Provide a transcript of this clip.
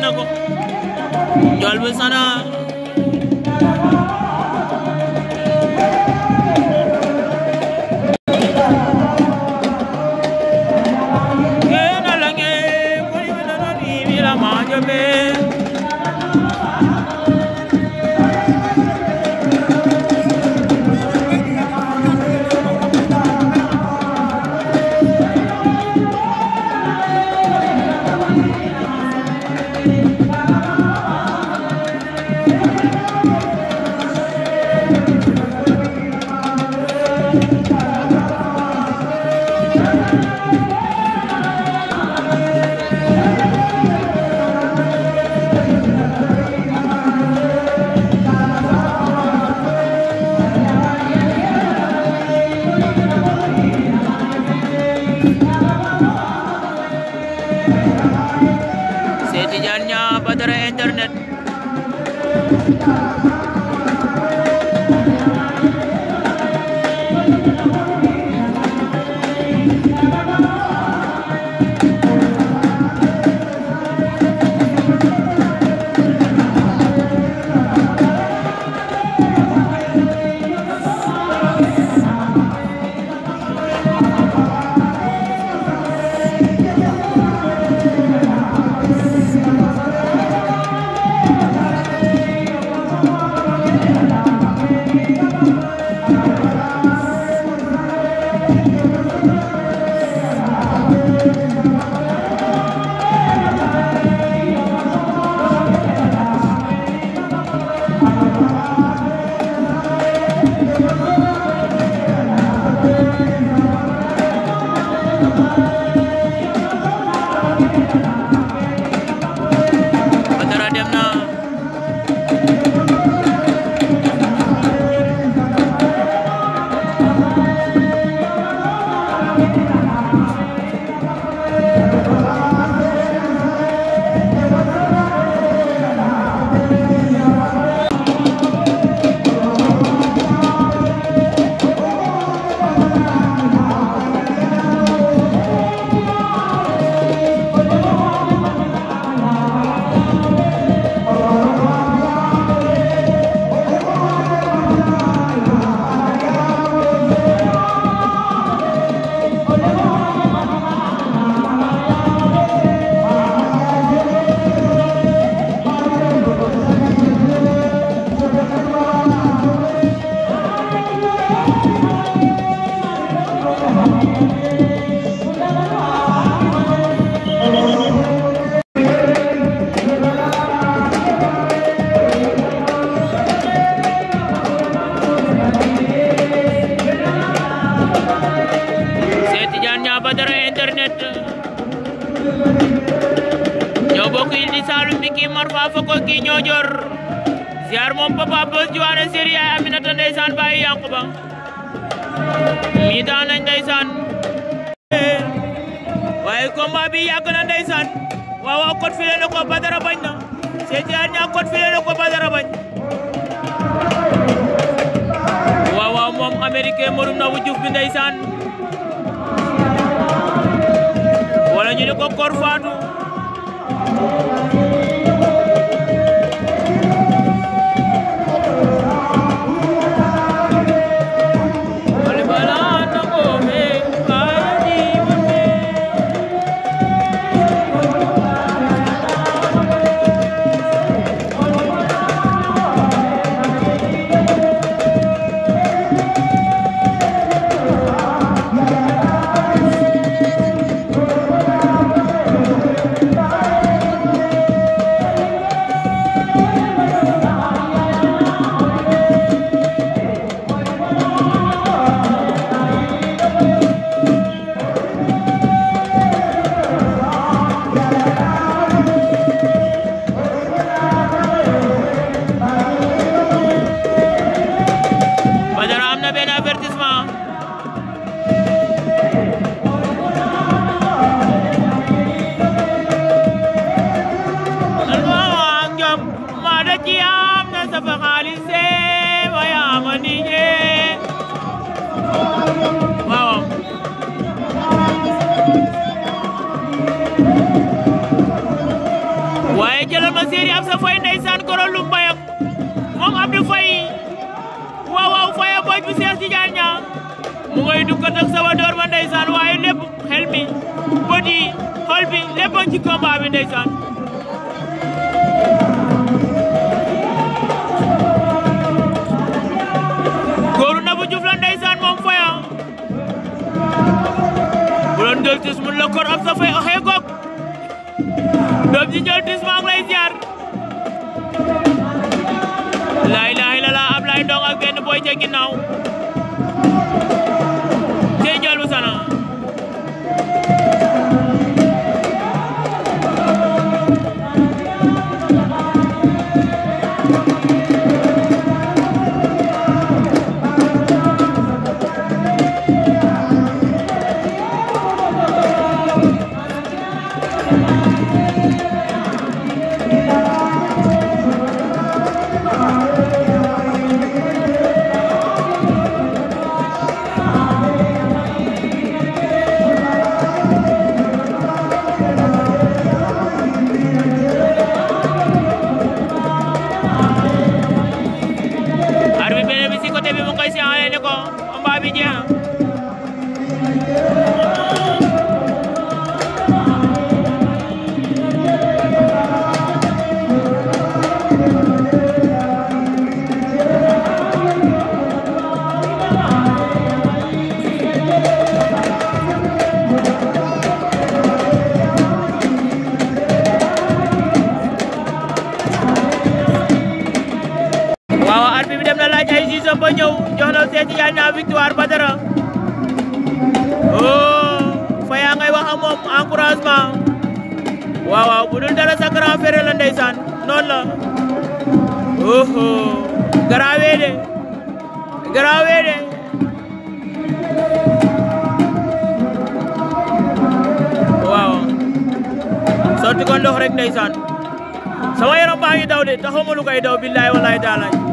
na ko Ndiol bu Sana marfa fa ko ki ñoojoor ziar moom papa bës juwaane séri yaay aminata ndeysaan bàyyi yankuba mi daan nañ ndeysaan waaye combat bi yàgg na ndeysaan waaw waaw kot file ko badara bañ na seeti yaar ñaa kot file ko badara bañ waaw moom américain mënum na bu bi ndeysaan wala ñu ne ko kor faatu écurie Amsa Faye ndeysaan goro lu mbayam moom Abdou Faye waaw waaw Faye a booj bu ñaa mu ngay dukkat ak sabadoor ma ndeysaan waaye lépp xel mi bët yi xol bi lépp a ci combat bi ndeysaan na bu juf la ndeysaan moom Faye a ah. bu doon jël la kor Amsa Faye oxe goog doom ji jël tis lay ziar la ilaha illallah Ablaye Ndong ak benn boy ca ginnaaw пламени. jox na Seny yal na victoire Badara oh Faya ngay wax ak moom encouragement waaw waaw dara sa grand frère la ndeysaan la oho garaawee de garaawee de waaw sotti ko ndox rek ndeysaan baa ngi daw de taxuma lu koy daw billahi wallahi taalaay